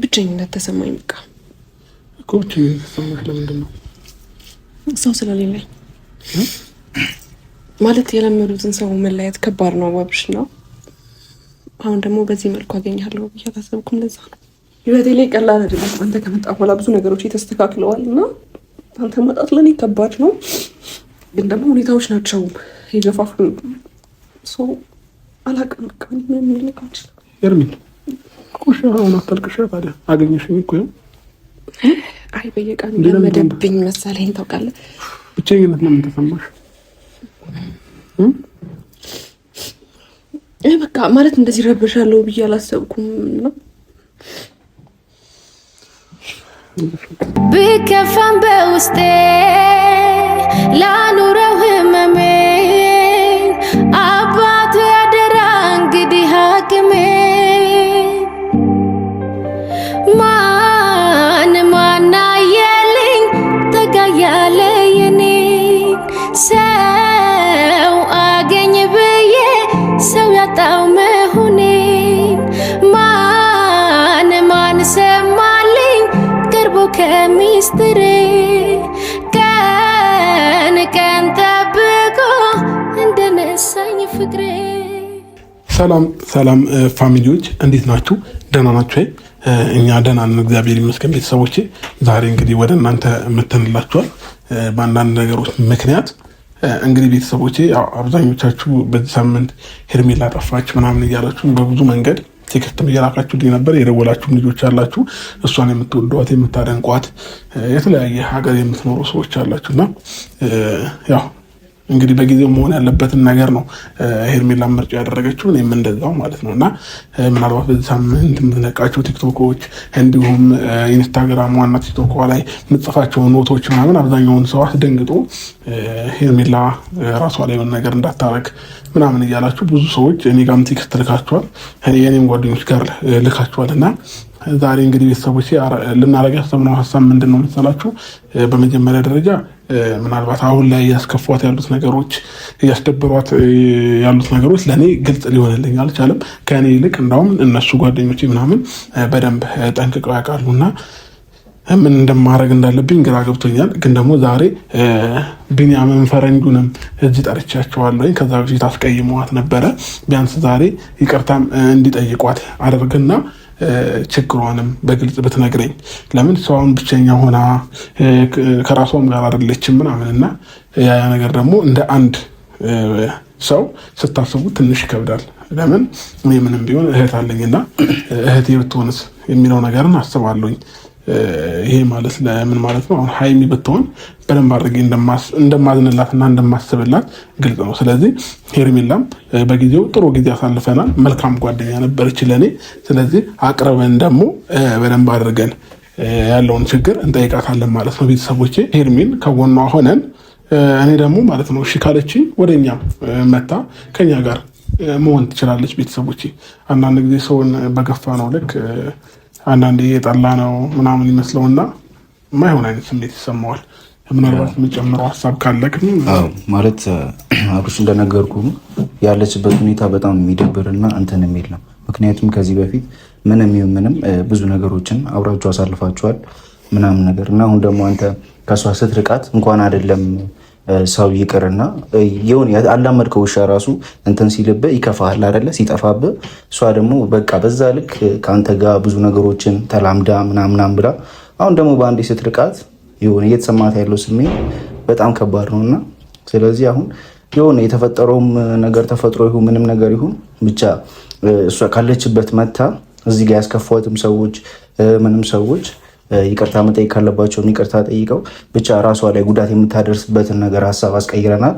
ብቸኝነት ተሰማኝ። በቃ እኮ ብቸኝነት ተሰማሽ ለምንድን ነው? ሰው ስለሌለኝ ማለት የለመዱትን ሰው መለያየት ከባድ ነው አዋብሽ ነው። አሁን ደግሞ በዚህ መልኩ አገኛለሁ ብዬ አላሰብኩም። ለዛ ነው ህይወቴ ላይ ቀላል አይደለም። አንተ ከመጣ በኋላ ብዙ ነገሮች ተስተካክለዋል እና አንተ መጣት ለእኔ ከባድ ነው፣ ግን ደግሞ ሁኔታዎች ናቸው የገፋፉ ሰው አላውቅም። በቃ ምን የሚልቃችል አልኩሽ፣ አሁን አታልቅሻ። ታዲያ አገኘሽኝ እኮ ይኸው። አይ በየቀኑ ለመደብኝ መሰለኝ ታውቃለህ። ብቸኝነት ለምን ተሰማሽ? በቃ ማለት እንደዚህ ረበሻለሁ ብዬ አላሰብኩም ነው። ብከፋም በውስጤ ሰላም ሰላም ፋሚሊዎች እንዴት ናችሁ? ደህና ናችሁ እኛ ደህና ነን፣ እግዚአብሔር ይመስገን። ቤተሰቦቼ ዛሬ እንግዲህ ወደ እናንተ መተንላችኋል። በአንዳንድ ነገሮች ምክንያት እንግዲህ ቤተሰቦቼ አብዛኞቻችሁ በዚህ ሳምንት ሄርሜላ ጠፋች ምናምን እያላችሁ በብዙ መንገድ ቴክስትም እየላካችሁልኝ ነበር። የደወላችሁም ልጆች አላችሁ፣ እሷን የምትወደዋት የምታደንቋት፣ የተለያየ ሀገር የምትኖሩ ሰዎች አላችሁ እና ያው እንግዲህ በጊዜው መሆን ያለበትን ነገር ነው ሄርሜላ ምርጫ ያደረገችው፣ እኔም እንደዛው ማለት ነው። እና ምናልባት በዚህ ሳምንት የምትለቃቸው ቲክቶኮች እንዲሁም ኢንስታግራም ዋና ቲክቶኮ ላይ ምጽፋቸው ኖቶች ምናምን አብዛኛውን ሰው አስደንግጦ ሄርሜላ ራሷ ላይ የሆነ ነገር እንዳታረግ ምናምን እያላችሁ ብዙ ሰዎች እኔ ጋም ቴክስት ልካችኋል፣ የእኔም ጓደኞች ጋር ልካችኋል እና ዛሬ እንግዲህ ቤተሰቦች ልናደርግ ያሰብነው ሀሳብ ምንድን ነው መሰላችሁ? በመጀመሪያ ደረጃ ምናልባት አሁን ላይ እያስከፏት ያሉት ነገሮች እያስደበሯት ያሉት ነገሮች ለእኔ ግልጽ ሊሆንልኝ አልቻለም። ከእኔ ይልቅ እንዳውም እነሱ ጓደኞች ምናምን በደንብ ጠንቅቀው ያውቃሉና ምን እንደማድረግ እንዳለብኝ ግራ ገብቶኛል። ግን ደግሞ ዛሬ ቢንያምን ፈረንጁንም እዚህ ጠርቻቸዋለሁ። ከዛ በፊት አስቀይመዋት ነበረ። ቢያንስ ዛሬ ይቅርታም እንዲጠይቋት አደርግና ችግሯንም በግልጽ ብትነግረኝ ለምን ሰውን ብቸኛ ሆና ከራሷም ጋር አይደለችም ምናምን እና ያ ነገር ደግሞ እንደ አንድ ሰው ስታስቡ ትንሽ ይከብዳል። ለምን እኔ ምንም ቢሆን እህት አለኝና እህቴ ብትሆንስ የሚለው ነገርን አስባለሁኝ። ይሄ ማለት ለምን ማለት ነው? አሁን ሀይሚ ብትሆን በደንብ አድርጌ እና እንደማስብላት ግልጽ ነው። ስለዚህ ሄርሜላም በጊዜው ጥሩ ጊዜ አሳልፈናል። መልካም ጓደኛ ነበረች ለእኔ። ስለዚህ አቅርበን ደግሞ በደንብ አድርገን ያለውን ችግር እንጠይቃታለን ማለት ነው። ቤተሰቦቼ ሄርሜን ከጎኗ ሆነን እኔ ደግሞ ማለት ነው እሺ ካለች ወደ እኛ መታ ከኛ ጋር መሆን ትችላለች። ቤተሰቦቼ አንዳንድ ጊዜ ሰውን በገፋ ነው ልክ አንዳንዴ የጠላ ነው ምናምን ይመስለውና የማይሆን አይነት ስሜት ይሰማዋል። ምናልባት የምጨምረው ሀሳብ ካለ ማለት አብርሽ እንደነገርኩ ያለችበት ሁኔታ በጣም የሚደብርና እንትን የሚል ነው። ምክንያቱም ከዚህ በፊት ምንም ይሁን ምንም ብዙ ነገሮችን አብራችሁ አሳልፋችኋል ምናምን ነገር እና አሁን ደግሞ አንተ ከእሷ ስትርቃት እንኳን አይደለም ሰው ይቅርና የሆነ ያላመድከው ውሻ ራሱ እንትን ሲልብ ይከፋል አይደለ? ሲጠፋብ እሷ ደግሞ በቃ በዛ ልክ ከአንተ ጋር ብዙ ነገሮችን ተላምዳ ምናምናም ብላ አሁን ደግሞ በአንዴ ስትርቃት የሆነ እየተሰማት ያለው ስሜት በጣም ከባድ ነው እና ስለዚህ አሁን የሆነ የተፈጠረውም ነገር ተፈጥሮ ይሁን ምንም ነገር ይሁን ብቻ እሷ ካለችበት መታ እዚህ ጋር ያስከፏትም ሰዎች ምንም ሰዎች ይቅርታ መጠየቅ ካለባቸውም ይቅርታ ጠይቀው ብቻ ራሷ ላይ ጉዳት የምታደርስበትን ነገር ሀሳብ አስቀይረናት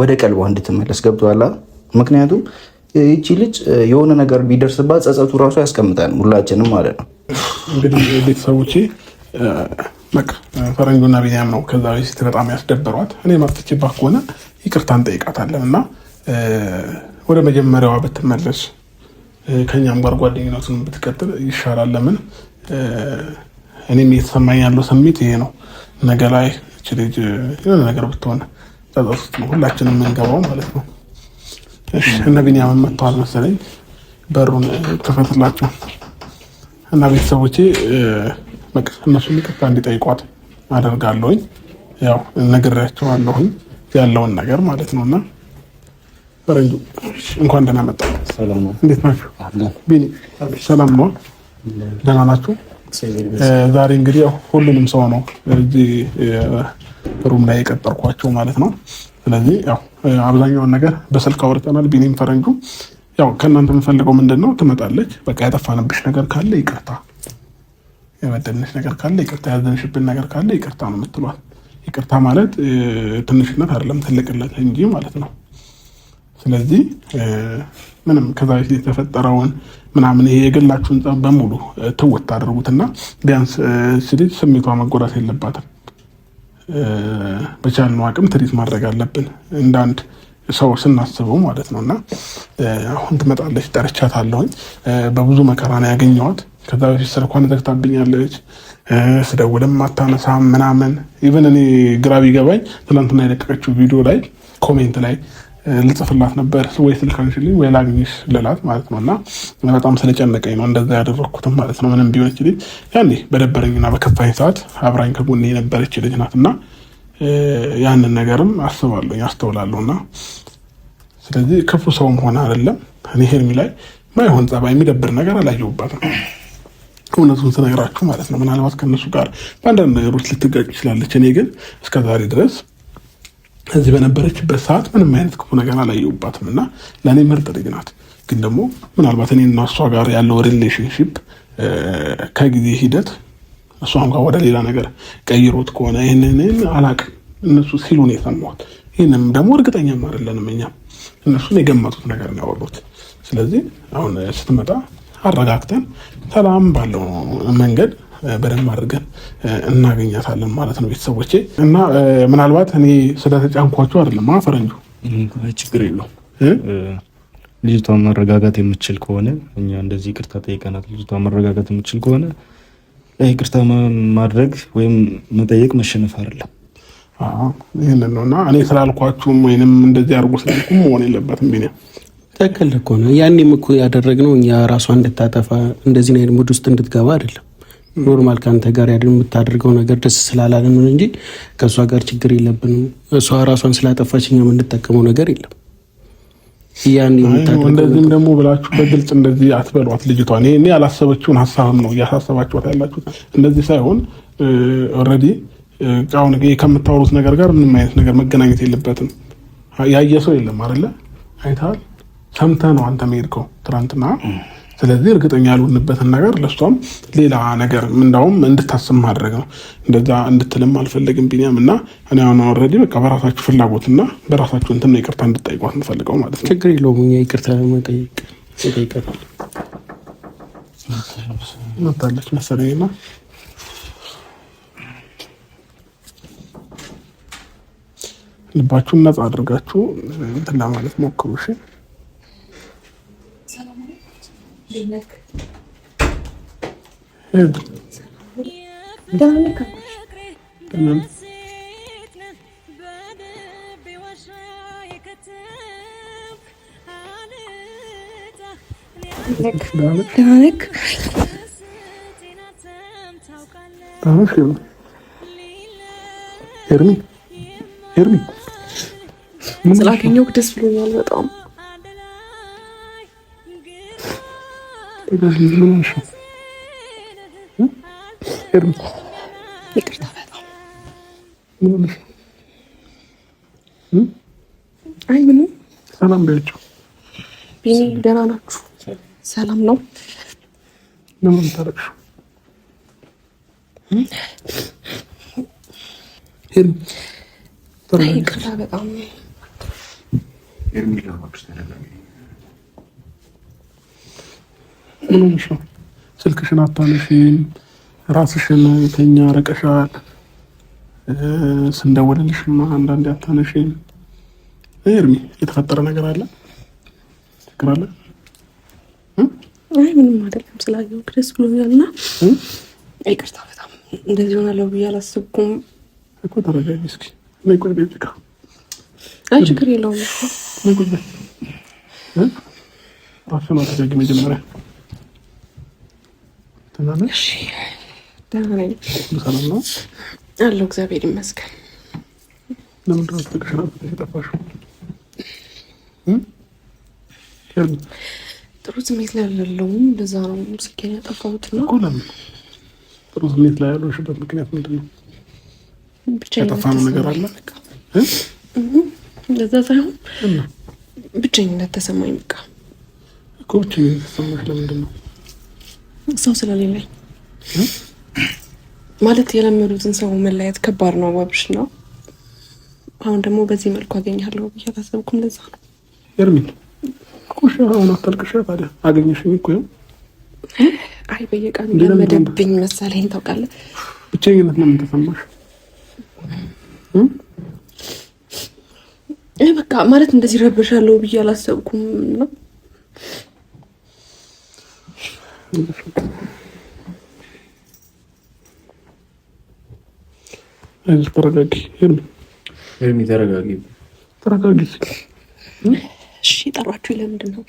ወደ ቀልቧ እንድትመለስ ገብቷላ። ምክንያቱም ይቺ ልጅ የሆነ ነገር ቢደርስባት ጸጸቱ ራሱ ያስቀምጣል ሁላችንም ማለት ነው። እንግዲህ ቤተሰቦቼ በቃ ፈረንጁና ቢኒያም ነው ከዛ በፊት በጣም ያስደበሯት። እኔ መፍትችባት ከሆነ ይቅርታ እንጠይቃታለን እና ወደ መጀመሪያዋ ብትመለስ ከእኛም ጋር ጓደኝነቱን ብትቀጥል ይሻላል። ለምን እኔም እየተሰማኝ ያለው ስሜት ይሄ ነው። ነገ ላይ እች ልጅ የሆነ ነገር ብትሆን ጸጸት ውስጥ ነው ሁላችንም የምንገባው ማለት ነው። እነ ቢኒያምን መጥተዋል መሰለኝ፣ በሩን ክፈትላቸው እና ቤተሰቦቼ እነሱ ይቅርታ እንዲጠይቋት አደርጋለሁኝ። ያው ነግሬያቸዋለሁኝ ያለውን ነገር ማለት ነው እና ፈረንጁ እንኳን ደህና መጣ። እንዴት ናችሁ? ሰላም ነው? ደህና ናችሁ? ዛሬ እንግዲህ ሁሉንም ሰው ነው እዚህ ሩም ላይ የቀጠርኳቸው ማለት ነው። ስለዚህ ያው አብዛኛውን ነገር በስልክ አውርተናል። ቢኒም ፈረንጁ ያው ከእናንተ የምፈልገው ምንድን ነው፣ ትመጣለች። በቃ ያጠፋንብሽ ነገር ካለ ይቅርታ፣ የበደልንሽ ነገር ካለ ይቅርታ፣ ያዘንሽብን ነገር ካለ ይቅርታ ነው የምትሏል። ይቅርታ ማለት ትንሽነት አይደለም ትልቅነት እንጂ ማለት ነው። ስለዚህ ምንም ከዛ በፊት የተፈጠረውን ምናምን ይሄ የገላችሁን ጸብ በሙሉ ትውት አድርጉትና ቢያንስ ስልጅ ስሜቷ መጎዳት የለባትም። በቻልነው አቅም ትሪት ማድረግ አለብን እንዳንድ ሰው ስናስበው ማለት ነው። እና አሁን ትመጣለች፣ ጠርቻታለሁኝ። በብዙ መከራ ነው ያገኘዋት ከዛ በፊት ስልኳን ዘግታብኛለች፣ ስደውልም አታነሳም ምናምን። ኢቨን እኔ ግራ ቢገባኝ ትናንትና የለቀቀችው ቪዲዮ ላይ ኮሜንት ላይ ልጽፍላት ነበር ወይ ስልክ ወይ ላግኝሽ ልላት ማለት ነው። እና በጣም ስለጨነቀኝ ነው እንደዛ ያደረግኩትም ማለት ነው። ምንም ቢሆን ልጅ ያኔ በደበረኝና በከፋኝ ሰዓት አብራኝ ከጎኔ የነበረች ልጅ ናት እና ያንን ነገርም አስባለሁ አስተውላለሁ። እና ስለዚህ ክፉ ሰውም ሆነ አይደለም እኔ ሄርሚ ላይ ማይሆን ጸባይ፣ የሚደብር ነገር አላየሁባትም። እውነቱን ስነግራችሁ ማለት ነው ምናልባት ከእነሱ ጋር በአንዳንድ ነገሮች ልትጋጭ ይችላለች። እኔ ግን እስከዛሬ ድረስ እዚህ በነበረችበት ሰዓት ምንም አይነት ክፉ ነገር አላየሁባትም እና ለእኔ ምርጥ ልጅ ናት። ግን ደግሞ ምናልባት እኔ እና እሷ ጋር ያለው ሪሌሽንሽፕ ከጊዜ ሂደት እሷም ጋር ወደ ሌላ ነገር ቀይሮት ከሆነ ይህንን አላቅም። እነሱ ሲሉን የሰማሁት ይህንም ደግሞ እርግጠኛም አይደለንም እኛ እነሱን የገመቱት ነገር ነው ያወሩት። ስለዚህ አሁን ስትመጣ አረጋግተን ሰላም ባለው መንገድ በደንብ አድርገን እናገኛታለን ማለት ነው ቤተሰቦቼ። እና ምናልባት እኔ ስለተጫንኳቸው አይደለም ፈረንጁ ችግር የለውም ልጅቷ መረጋጋት የምችል ከሆነ እኛ እንደዚህ ይቅርታ ጠይቀናት፣ ልጅቷ መረጋጋት የምችል ከሆነ ይቅርታ ማድረግ ወይም መጠየቅ መሸነፍ አይደለም። ይህንን ነው እና እኔ ስላልኳችሁም ወይንም እንደዚህ አድርጎ ስላልኩም መሆን የለበትም። ቢኒያ ትክክል እኮ ነው። ያኔም እኮ ያደረግነው እኛ ራሷ እንድታጠፋ እንደዚህ ሙድ ውስጥ እንድትገባ አይደለም። ኖርማል ከአንተ ጋር ያድ የምታደርገው ነገር ደስ ስላላለን እንጂ ከእሷ ጋር ችግር የለብንም። እሷ ራሷን ስላጠፋች እኛ የምንጠቀመው ነገር የለም። ያን እንደዚህም ደግሞ ብላችሁ በግልጽ እንደዚህ አትበሏት ልጅቷን። እኔ ያላሰበችውን ሀሳብም ነው እያሳሰባችኋት ያላችሁት። እንደዚህ ሳይሆን ኦልሬዲ አሁን ከምታወሩት ነገር ጋር ምንም አይነት ነገር መገናኘት የለበትም። ያየ ሰው የለም አይደለ? አይተሃል፣ ሰምተህ ነው አንተ መሄድከው ትናንትና ስለዚህ እርግጠኛ ያልሆንበትን ነገር ለእሷም ሌላ ነገር እንዳውም እንድታስብ ማድረግ ነው። እንደዛ እንድትልም አልፈለግም ቢኒያም እና እኔ አሁን ኦልሬዲ በቃ በራሳችሁ ፍላጎት ፍላጎትና በራሳችሁ እንትን ነው ይቅርታ እንድጠይቋት እንፈልገው ማለት ነው። ችግር የለውም እኛ ይቅርታ መጠየቅ ይጠይቀታል። መታለች መሰለኝና ልባችሁን ነጻ አድርጋችሁ እንትን ለማለት ሞክሩ እሺ። ስላገኘሁ ደስ ብሎኛል በጣም። Biraz yüzünü aşın. Yarım. Nikırda ben. Ne olur? Hı? አይ ምንም ሰላም በያቸው። ቢኒ ደህና ናችሁ? ሰላም ነው። ለምን ታረቅሹ? ይቅርታ በጣም ምን ሆንሽ ነው? ስልክሽን አታነሺም፣ ራስሽን ከኛ ርቀሻል፣ ስንደውልልሽማ አንዳንዴ አታነሺም። ኤርሚ የተፈጠረ ነገር አለ? ችግር አለ? አይ ምንም አይደለም። ስላየሁህ ደስ ብሎኛልና ይቅርታ። በጣም እንደዚህ ሆናለሁ ብዬ አላሰብኩም እኮ። ተረጋጊ እስኪ። ነይ ቁጭ አይ ችግር የለውም። ነይ ቁጭ በይ። መጀመሪያ አለው እግዚአብሔር ይመስገን። ለምንድነው የጠፋሽው? ጥሩ ስሜት ላይ ያለውም እንደዛ ነው። ስልኬን ያጠፋሁት ነው ለምን ጥሩ ስሜት ላይ ያለሽበት ምክንያት ምንድን ነው? ነገር አለ። እንደዛ ሳይሆን ብቸኝነት ተሰማኝ። በቃ እኮ ብቸኝነት ተሰማሽ ለምንድን ነው? ሰው ስለሌለኝ ማለት የለመዱትን ሰው መለያየት ከባድ ነው አባብሽ ነው። አሁን ደግሞ በዚህ መልኩ አገኘሃለሁ ብዬ አላሰብኩም። ለዛ ነው ኤርሚን ቁሽ አሁን አታልቅሽ። ታዲያ አገኘሽ እኮ ይኸው። አይ በየቀኑ ለመደብኝ መሰለኝ ታውቃለህ። ብቸኝነት ነው ምን በቃ ማለት እንደዚህ ረብሻለሁ ብዬ አላሰብኩም ነው ተረጋጊ ተረጋጊ ተረጋጊ። እሺ ጠሯችሁ ለምንድን ነው?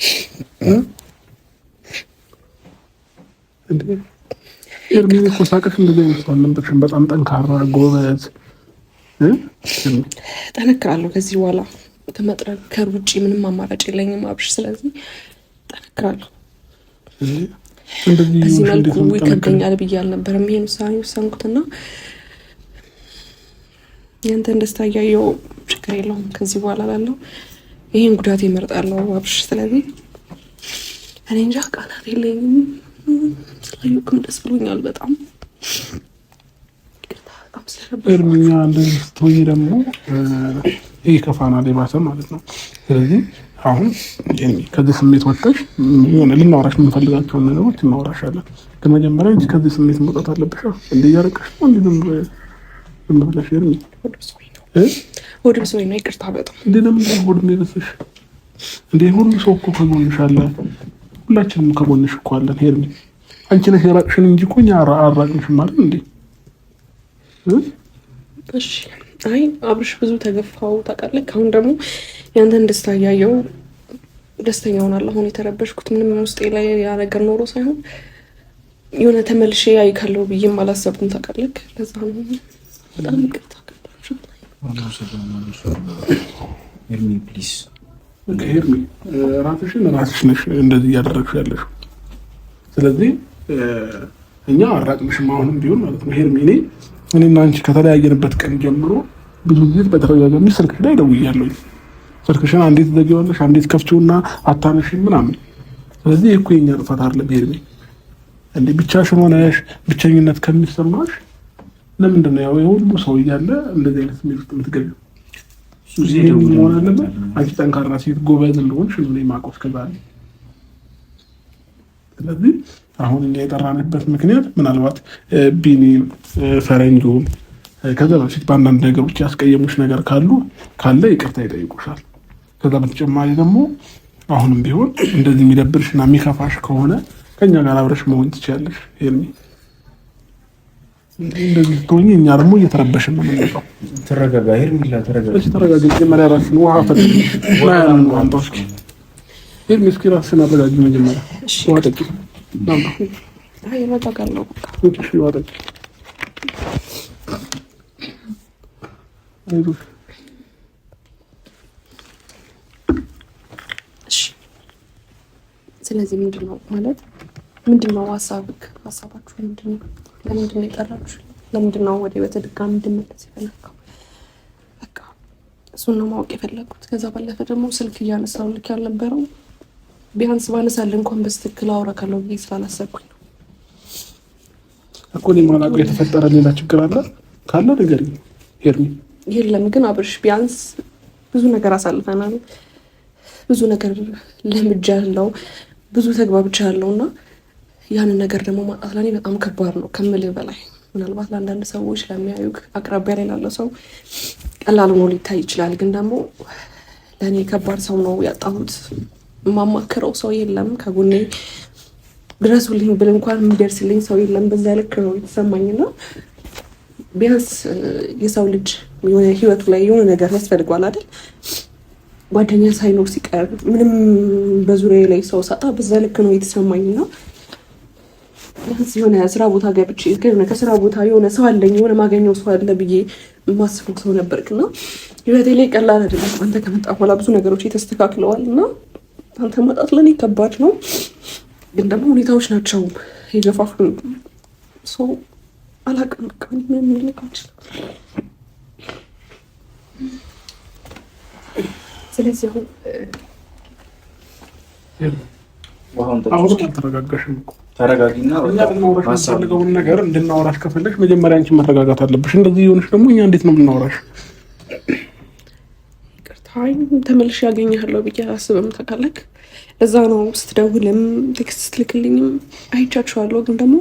ኤርሚ እኮ ሳቅሽ እንደዚህ አይነት አልነበርሽም። በጣም ጠንካራ ጎበዝ። ጠነክራለሁ ከዚህ በኋላ ከመጥረከር ውጭ ምንም አማራጭ የለኝም አብርሽ። ስለዚህ ጠነክራለሁ። በዚህ መልኩ ይከብደኛል ብዬ አልነበረም ይሄን ውሳኔ ወሰንኩትና ያንተን ደስታ እያየሁ ችግር የለውም ከዚህ በኋላ ላለው ይህን ጉዳት ይመርጣለሁ አብርሽ። ስለዚህ እኔ እንጃ ቃላት የለኝም። ስላዩክም ደስ ብሎኛል በጣም እርምኛ እንደዚህ ስትሆኝ ደግሞ ይህ ከፋና ሌባተ ማለት ነው። ስለዚህ አሁን ከዚህ ስሜት ወጥተሽ ሆነ ልናወራሽ የምንፈልጋቸውን ነገሮች እናወራሻለን። ከመጀመሪያ መጀመሪያ ከዚህ ስሜት መውጣት አለብሽ። እንደ እያረቀሽ ነው እንዲ ዝም ብለሽ ወደ ሰው ነው ይቅርታ በጣም እንደ ለምን ሆድ ሚረስሽ እንደ ሁሉ ሰው እኮ ከጎንሽ አለ። ሁላችንም ከጎንሽ እኮ አለን። ሄርሚ አንቺ ነሽ የራቅሽን እንጂ እኮ እኛ አራቅንሽ ማለት እንዴ እሺ አይ አብርሽ ብዙ ተገፋው ታውቃለህ። አሁን ደግሞ ያንተን ደስታ እያየው ደስተኛ ሆናለሁ። አሁን የተረበሽኩት ምንም ውስጤ ላይ ያነገር ኖሮ ሳይሆን የሆነ ተመልሼ አይካለው ብዬም አላሰብኩም ታውቃለህ። ለዛ ነው በጣም ይቅርታ። ኤርሚ ኤርሚ ራስሽን ራስሽ ነሽ እንደዚህ እያደረግሽ ያለሽ። ስለዚህ እኛ አራቅንሽም አሁንም ቢሆን ማለት ነው ሄርሚ እኔ እኔና አንቺ ከተለያየንበት ቀን ጀምሮ ብዙ ጊዜ በተደጋጋሚ ስልክሽ ላይ ደውያለሁ። ስልክሽን አንዴት ትዘጊዋለሽ፣ አንዴት ከፍቺውና አታነሺም ምናምን። ስለዚህ እኮ የኛ ጥፋት አይደለም። ሄድሜ እንደ ብቻሽን ሆነሽ ብቸኝነት ከሚሰማሽ ለምንድን ነው ያው የሁሉ ሰው እያለ እንደዚህ አይነት ስሜት ውስጥ የምትገቢው? መሆን አለበት። አንቺ ጠንካራ ሴት ጎበዝ እንደሆንሽ ምን ማቆፍ ከዛለ ስለዚህ አሁን እኛ የጠራንበት ምክንያት ምናልባት ቢኒ ፈረንጆን ከዛ በፊት በአንዳንድ ነገሮች ያስቀየሙሽ ነገር ካሉ ካለ ይቅርታ ይጠይቁሻል። ከዛ በተጨማሪ ደግሞ አሁንም ቢሆን እንደዚህ የሚደብርሽ እና የሚከፋሽ ከሆነ ከኛ ጋር አብረሽ መሆን ትችያለሽ። እንደዚህ ከሆኝ እኛ ደግሞ እየተረበሽ ነው ራስን አረጋጊ መጀመሪያ። ስለዚህ ምንድን ነው ማለት ምንድን ነው ሀሳብክ? ሀሳባችሁ ምንድን ነው? ለምንድን ነው የጠራችሁ? ለምንድን ነው ወደ ቤተ እንድመለስ የፈለግከው? በቃ እሱን ነው ማወቅ የፈለግኩት። ከዛ ባለፈ ደግሞ ስልክ እያነሳው ልክ ያልነበረው ቢያንስ ባነሳል እንኳን በስትክክል አውራ ካለው ብዬ ስላላሰብኩኝ ነው እኮ እኔ ማላውቀው የተፈጠረ ሌላ ችግር አለ ካለ ነገር ሄርሚ የለም ግን አብርሽ ቢያንስ ብዙ ነገር አሳልፈናል። ብዙ ነገር ለምጃ ያለው ብዙ ተግባብቻ ያለው እና ያንን ነገር ደግሞ ማጣት ለኔ በጣም ከባድ ነው ከምልህ በላይ። ምናልባት ለአንዳንድ ሰዎች ለሚያዩ አቅራቢያ ላይ ላለው ሰው ቀላል ሆኖ ሊታይ ይችላል። ግን ደግሞ ለእኔ ከባድ ሰው ነው ያጣሁት። የማማክረው ሰው የለም ከጎኔ ድረሱልኝ ብል እንኳን የሚደርስልኝ ሰው የለም። በዛ ልክ ነው ነው ቢያንስ የሰው ልጅ የሆነ ህይወቱ ላይ የሆነ ነገር ያስፈልጓል አይደል? ጓደኛ ሳይኖር ሲቀር ምንም በዙሪያ ላይ ሰው ሳጣ በዛ ልክ ነው የተሰማኝ። ነው የሆነ ስራ ቦታ ገብቼ ከስራ ቦታ የሆነ ሰው አለኝ የሆነ ማገኘው ሰው አለ ብዬ የማስበው ሰው ነበርክ እና ህይወቴ ላይ ቀላል አይደለም። አንተ ከመጣ በኋላ ብዙ ነገሮች የተስተካክለዋል እና አንተ መጣት ለእኔ ከባድ ነው፣ ግን ደግሞ ሁኔታዎች ናቸው የገፋፉ ሰው አላቅም ቃ ስለዚህ አሁን አልተረጋጋሽም ነገር እንድናወራሽ ከፈለግሽ መጀመሪያ አንቺን መረጋጋት አለብሽ። እንደዚህ የሆነች ደግሞ እኛ እንዴት ነው የምናወራሽ? ይቅርታ ተመልሼ ያገኘሃለሁ ብዬ አስብም ታውቃለህ። እዛ ነው ስትደውልም ቴክስት ስትልክልኝም አይቻችኋለሁ። ግን ደግሞ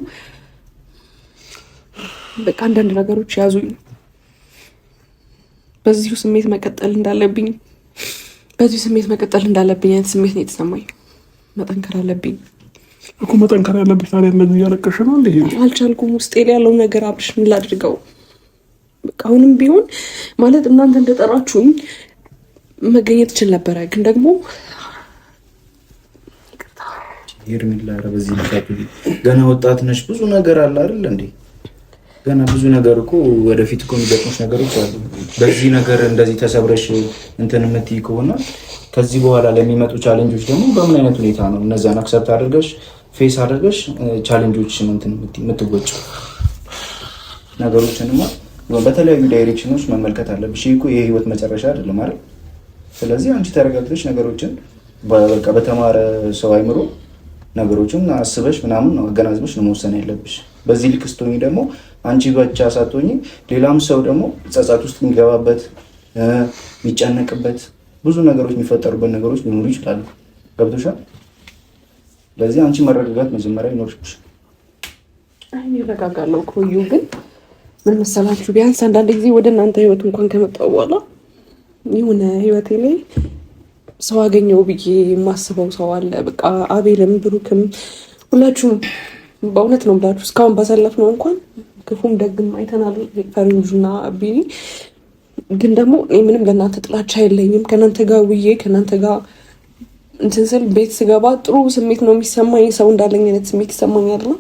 በቃ አንዳንድ ነገሮች ያዙኝ። በዚሁ ስሜት መቀጠል እንዳለብኝ በዚሁ ስሜት መቀጠል እንዳለብኝ አይነት ስሜት ነው የተሰማኝ። መጠንከር አለብኝ እኮ መጠንከር ያለብኝ። ታዲያ እንደዚህ እያለቀሽ ነው እንዲ? አልቻልኩም። ውስጤ ላይ ያለው ነገር አብርሽ፣ ምን ላድርገው? አሁንም ቢሆን ማለት እናንተ እንደጠራችሁኝ መገኘት እችል ነበረ፣ ግን ደግሞ ይርሚላ፣ ኧረ በዚህ ገና ወጣት ነች፣ ብዙ ነገር አለ አይደል እንዴ ገና ብዙ ነገር እኮ ወደፊት እኮ የሚገጥሙሽ ነገሮች አሉ። በዚህ ነገር እንደዚህ ተሰብረሽ እንትን የምትይ ከሆነ ከዚህ በኋላ ለሚመጡ ቻሌንጆች ደግሞ በምን አይነት ሁኔታ ነው እነዛን አክሰብት አድርገሽ ፌስ አድርገሽ ቻሌንጆች እንትን የምትወጭ ነገሮችንማ በተለያዩ ዳይሬክሽኖች መመልከት አለብሽ። ይሄ እኮ የህይወት መጨረሻ አይደለም አይደል? ስለዚህ አንቺ ተረጋግተሽ ነገሮችን በቃ በተማረ ሰው አይምሮ ነገሮችን አስበሽ ምናምን አገናዝበሽ ነው መወሰን ያለብሽ። በዚህ ልክ ስትሆኝ ደግሞ አንቺ ብቻ ሳትሆኝ ሌላም ሰው ደግሞ ጸጸት ውስጥ የሚገባበት የሚጨነቅበት ብዙ ነገሮች የሚፈጠሩበት ነገሮች ሊኖሩ ይችላሉ። ገብቶሻል? ለዚህ አንቺ መረጋጋት መጀመሪያ ይኖርሽ። አይ እረጋጋለሁ እኮ ግን ምን መሰላችሁ ቢያንስ አንዳንድ ጊዜ ወደ እናንተ ህይወት እንኳን ከመጣው በኋላ የሆነ ህይወቴ ላይ ሰው አገኘው ብዬ የማስበው ሰው አለ። በቃ አቤልም ብሩክም ሁላችሁ በእውነት ነው ብላችሁ እስካሁን ባሳለፍ ነው እንኳን ክፉም ደግም አይተናል። ፈረንጁና ቢኒ ግን ደግሞ ምንም ለእናንተ ጥላቻ የለኝም። ከእናንተ ጋር ውዬ ከእናንተ ጋር እንትን ስል ቤት ስገባ ጥሩ ስሜት ነው የሚሰማኝ። ሰው እንዳለኝ አይነት ስሜት ይሰማኛል። ነው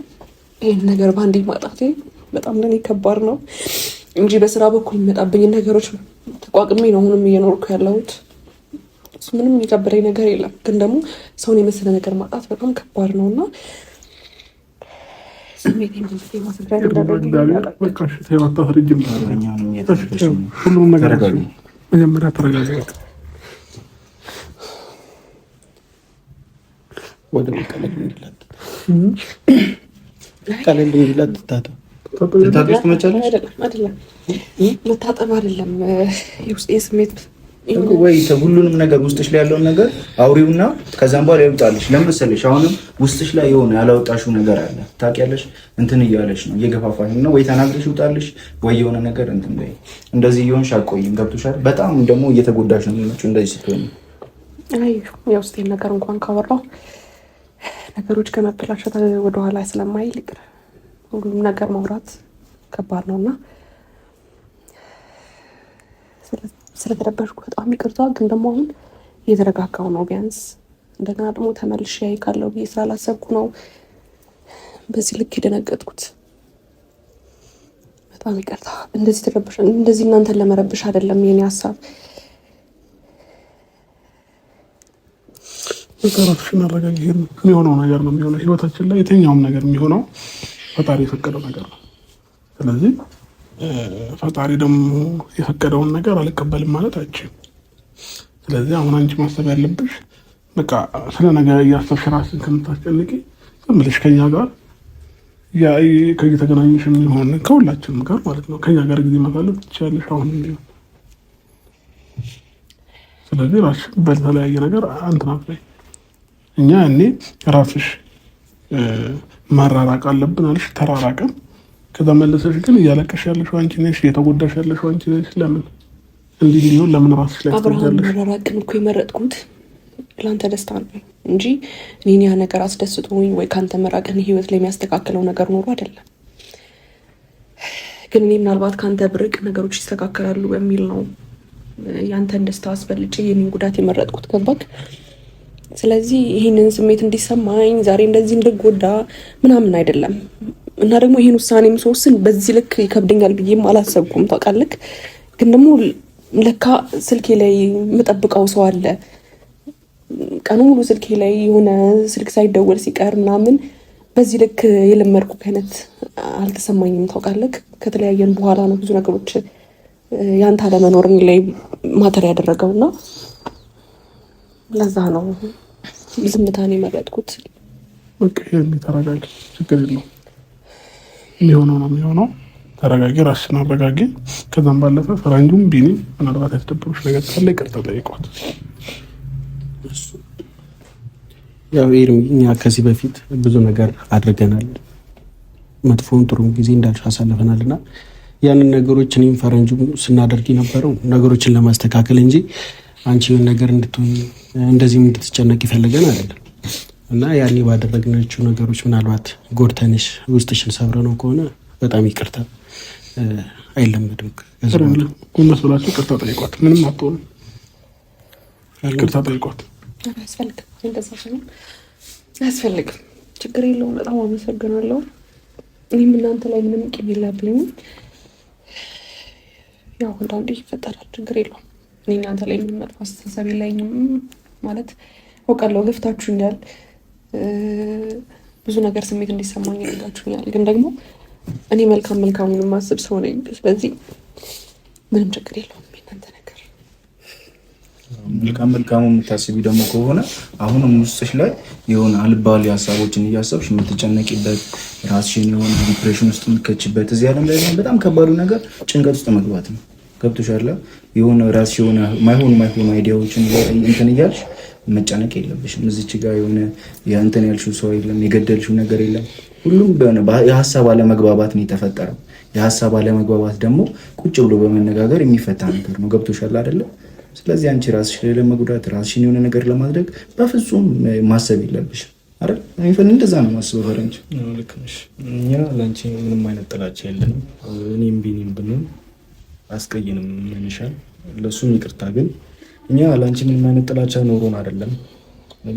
ይህን ነገር በአንዴ ማጣቴ በጣም ለኔ ከባድ ነው እንጂ በስራ በኩል የሚመጣብኝ ነገሮች ተቋቅሜ ነው አሁንም እየኖርኩ ያለሁት። ምንም የከበደኝ ነገር የለም። ግን ደግሞ ሰውን የመሰለ ነገር ማጣት በጣም ከባድ ነው እና ሁሉም ነገር መጀመሪያ ወደ ቀለል ትታጠብ መታጠብ አይደለም የውስጤ ስሜት እኮ ወይ ሁሉንም ነገር ውስጥሽ ላይ ያለውን ነገር አውሪውና ከዛም በኋላ ይወጣልሽ። ለምን አሁንም ውስጥሽ ላይ የሆነ ያላወጣሽው ነገር አለ። ታውቂያለሽ፣ እንትን እያለሽ ነው፣ እየገፋፋሽ ነው። ወይ ተናግረሽ ይውጣልሽ፣ ወይ የሆነ ነገር እንትን በይ። እንደዚህ እየሆንሽ አትቆይም። ገብቶሻል? በጣም ደግሞ እየተጎዳሽ ነው የሚመጪው እንደዚህ ስትሆኝ። አይ የውስጤን ነገር እንኳን ካወራው ነገሮች ከመበላሸት ወደኋላ ስለማይል ሁሉም ነገር ማውራት ከባድ ነውና ስለተረበሽኩ በጣም ይቅርታ። ግን ደግሞ አሁን እየተረጋጋው ነው። ቢያንስ እንደገና ደግሞ ተመልሼ ያይ ካለው ብዬ ስላላሰብኩ ነው በዚህ ልክ የደነገጥኩት። በጣም ይቅርታ። እንደዚህ ተረበሽ እንደዚህ እናንተን ለመረብሽ አይደለም የኔ ሀሳብ። በሰራሽ መረጋግ የሚሆነው ነገር ነው የሚሆነው ህይወታችን ላይ የትኛውም ነገር የሚሆነው ፈጣሪ የፈቀደው ነገር ነው። ስለዚህ ፈጣሪ ደግሞ የፈቀደውን ነገር አልቀበልም ማለት አይችልም። ስለዚህ አሁን አንቺ ማሰብ ያለብሽ በቃ ስለ ነገር እያሰብሽ ራስን ከምታስጨንቂ ዝም ብለሽ ከኛ ጋር ከየተገናኘሽ የሚሆን ከሁላችንም ጋር ማለት ነው ከኛ ጋር ጊዜ ማሳለፍ ትችላለሽ። አሁን ቢሆን ስለዚህ ራስሽ በተለያየ ነገር አንትናት ላይ እኛ እኔ ራስሽ ማራራቅ አለብን አልሽ ተራራቀን ከዛ መለሰሽ ግን እያለቀሽ ያለሽ አንቺ ነሽ፣ እየተጎዳሽ ያለሽ አንቺ ነሽ። ለምን እንዲህ ሊሆን ለምን ራስሽ ላይ አብርሃም መራራቅን እኮ የመረጥኩት ለአንተ ደስታ ነው እንጂ እኔን ያ ነገር አስደስቶኝ ወይ ከአንተ መራቅን ህይወት ላይ የሚያስተካክለው ነገር ኖሮ አይደለም። ግን እኔ ምናልባት ከአንተ ብርቅ ነገሮች ይስተካከላሉ በሚል ነው ያንተን ደስታ አስፈልጬ የኔን ጉዳት የመረጥኩት። ገባክ? ስለዚህ ይህንን ስሜት እንዲሰማኝ ዛሬ እንደዚህ እንድጎዳ ምናምን አይደለም። እና ደግሞ ይህን ውሳኔም ሰውስን በዚህ ልክ ይከብደኛል ብዬም አላሰብኩም። ታውቃለህ፣ ግን ደግሞ ለካ ስልኬ ላይ የምጠብቀው ሰው አለ። ቀኑ ሙሉ ስልኬ ላይ የሆነ ስልክ ሳይደወል ሲቀር ምናምን በዚህ ልክ የለመድኩ አይነት አልተሰማኝም። ታውቃለህ፣ ከተለያየን በኋላ ነው ብዙ ነገሮች ያንተ አለመኖር ላይ ማተር ያደረገው እና ለዛ ነው ዝምታን የመረጥኩት። በቃ ችግር የለውም። የሚሆነው ነው የሚሆነው። ተረጋጊ፣ ራስሽን አረጋጊ። ከዛም ባለፈ ፈረንጁም ቢኒ ምናልባት ያስደብሮች ነገር ካለ ይቅርታ ጠይቋት። ያው ኤርሚ፣ እኛ ከዚህ በፊት ብዙ ነገር አድርገናል። መጥፎውን ጥሩም ጊዜ እንዳልሽ አሳልፈናል እና ያንን ነገሮች እኔም ፈረንጁ ስናደርግ የነበረው ነገሮችን ለማስተካከል እንጂ አንቺን ነገር እንድትሆኝ እንደዚህም እንድትጨነቅ ይፈልገን አይደለም። እና ያኔ ባደረግናቸው ነገሮች ምናልባት ጎድተንሽ ውስጥሽን ሰብረ ነው ከሆነ በጣም ይቅርታ። አይለመድም። ጎንበስ ብላችሁ ቅርታ ጠይቋት። ምንም አትሆንም። ቅርታ ጠይቋት። አያስፈልግም፣ ችግር የለውም። በጣም አመሰግናለሁ። እኔም እናንተ ላይ ምንም ቂም የለብኝም። ያው አንዳንዴ ይፈጠራል፣ ችግር የለውም። እኔ እናንተ ላይ ምንም መጥፎ አስተሳሰብ የለኝም ማለት አውቃለሁ ገፍታችሁኛል። ብዙ ነገር ስሜት እንዲሰማኝ ያደርጋችሁኛል። ግን ደግሞ እኔ መልካም መልካም የማስብ ሰው ነኝ። ስለዚህ ምንም ችግር የለውም የእናንተ ነገር። መልካም መልካሙ የምታስቢ ደግሞ ከሆነ አሁንም ውስጥሽ ላይ የሆነ አልባሌ ሀሳቦችን እያሰብሽ የምትጨነቂበት ራስሽን የሆነ ዲፕሬሽን ውስጥ የምትከችበት እዚህ ዓለም ላይ በጣም ከባዱ ነገር ጭንቀት ውስጥ መግባት ነው። ገብቶሻል። የሆነ ራስሽ የሆነ ማይሆን ማይሆን አይዲያዎችን እንትን እያልሽ መጨነቅ የለብሽም። እዚች ጋር የሆነ እንትን ያልሽው ሰው የለም፣ የገደልሽው ነገር የለም። ሁሉም ሆነ የሀሳብ አለመግባባት ነው የተፈጠረው። የሀሳብ አለመግባባት ደግሞ ቁጭ ብሎ በመነጋገር የሚፈታ ነገር ነው። ገብቶሻል አይደለም? ስለዚህ አንቺ ራስሽ ላይ ለመጉዳት ራስሽን የሆነ ነገር ለማድረግ በፍጹም ማሰብ የለብሽም አይደል? እንደዛ ነው ማስበው። ፈረንጅ ልክ ነሽ። እኛ ለአንቺ ምንም አይነት ጥላቻ የለንም። እኔም ቢኒም ብንም አስቀይንም ምንሻል። ለእሱም ይቅርታ ግን እኛ ለአንቺ ምንም አይነት ጥላቻ ኖሮን አይደለም።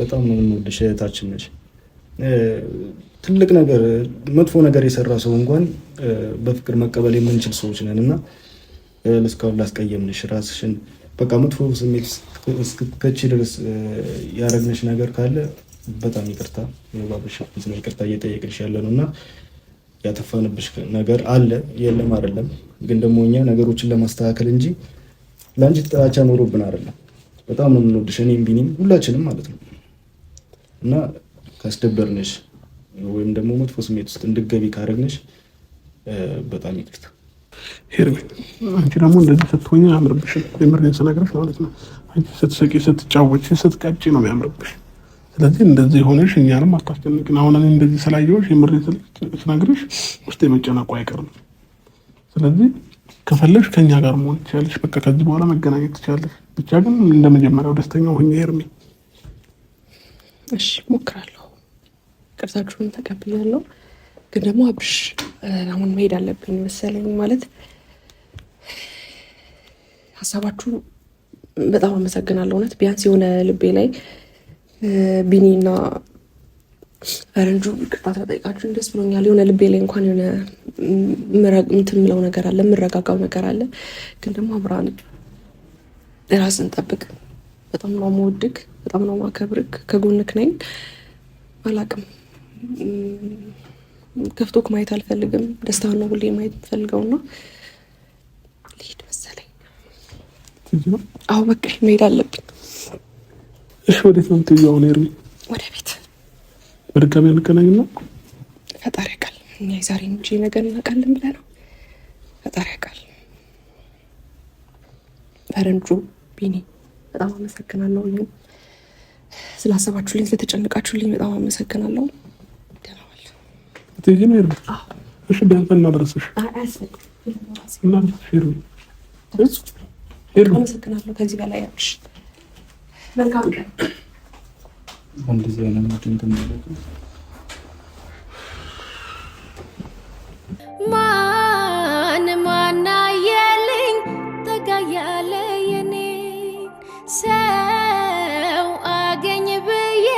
በጣም ነው የምንወድሽ፣ እህታችን ነች። ትልቅ ነገር መጥፎ ነገር የሰራ ሰው እንኳን በፍቅር መቀበል የምንችል ሰዎች ነን እና እስካሁን ላስቀየምንሽ ራስሽን በቃ መጥፎ ስሜት እስከች ድረስ ያደረግንሽ ነገር ካለ በጣም ይቅርታ ባበሽ ይቅርታ እየጠየቅንሽ ያለ ነው እና ያተፋንብሽ ነገር አለ የለም አይደለም፣ ግን ደግሞ እኛ ነገሮችን ለማስተካከል እንጂ ለአንቺ ጥላቻ ኖሮብን አይደለም። በጣም ነው የምንወድሽ፣ እኔም ቢኒም ሁላችንም ማለት ነው። እና ካስደበርንሽ ወይም ደግሞ መጥፎ ስሜት ውስጥ እንድገቢ ካደረግንሽ በጣም ይቅርታ። ሄርሜ አንቺ ደግሞ እንደዚህ ስትሆኝ አያምርብሽም። የምሬን ስነግርሽ ማለት ነው። አንቺ ስትስቂ፣ ስትጫወች፣ ስትቀጭ ነው የሚያምርብሽ። ስለዚህ እንደዚህ ሆነሽ እኛንም አታስጨንቅን። አሁን እንደዚህ ስላየሁሽ የምሬን ስነግርሽ ውስጥ የመጨነቁ አይቀርም። ስለዚህ ከፈለሽ ከኛ ጋር መሆን ትችላለሽ። በቃ ከዚህ በኋላ መገናኘት ትችላለሽ። ብቻ ግን እንደመጀመሪያው ደስተኛ ሁኜ ኤርሚ። እሺ ሞክራለሁ። ቅርታችሁን ተቀብያለሁ። ግን ደግሞ አብሽ አሁን መሄድ አለብኝ መሰለኝ። ማለት ሀሳባችሁ በጣም አመሰግናለሁ እውነት ቢያንስ የሆነ ልቤ ላይ ቢኒ እና ፈረንጁ ቅጣት በጠይቃችሁኝ ደስ ብሎኛል። የሆነ ልቤ ላይ እንኳን የሆነ ምትምለው ነገር አለ፣ የምረጋጋው ነገር አለ። ግን ደግሞ አብርሃን ራስን ጠብቅ። በጣም ነው መወድግ፣ በጣም ነው ማከብርግ፣ ከጎንክ ነኝ። አላቅም ከፍቶክ ማየት አልፈልግም። ደስታ ነው ሁሌ ማየት የምፈልገውና ልሄድ መሰለኝ። አሁ በቃ መሄድ አለብኝ። እሺ፣ ወዴት ነው የምትሄጂው አሁን? ወደ ቤት በድጋሚ አንገናኝና ፈጣሪ ያውቃል። እኛ የዛሬ እንጂ ነገር እናውቃለን ብለህ ነው። ፈጣሪ ያውቃል። ፈረንጁ ቢኒ በጣም አመሰግናለሁ። ይህም ስላሰባችሁልኝ፣ ስለተጨንቃችሁልኝ በጣም አመሰግናለሁ። ገናዋል እሺ፣ ቢያንስ እናድረስሽ አመሰግናለሁ። ከዚህ በላይ ያሽ መልካም ቀን እንደዚህ አይነት ማን ማናየልኝ ጠጋ ተጋያለ የኔ ሰው አገኝ ብዬ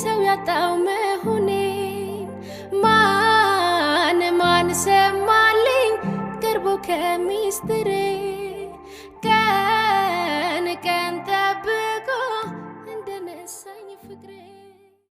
ሰው ያጣው መሆኔ ማን ማን ሰማልኝ ቅርቦ ከሚስትሬ ቀን ቀን ጠብ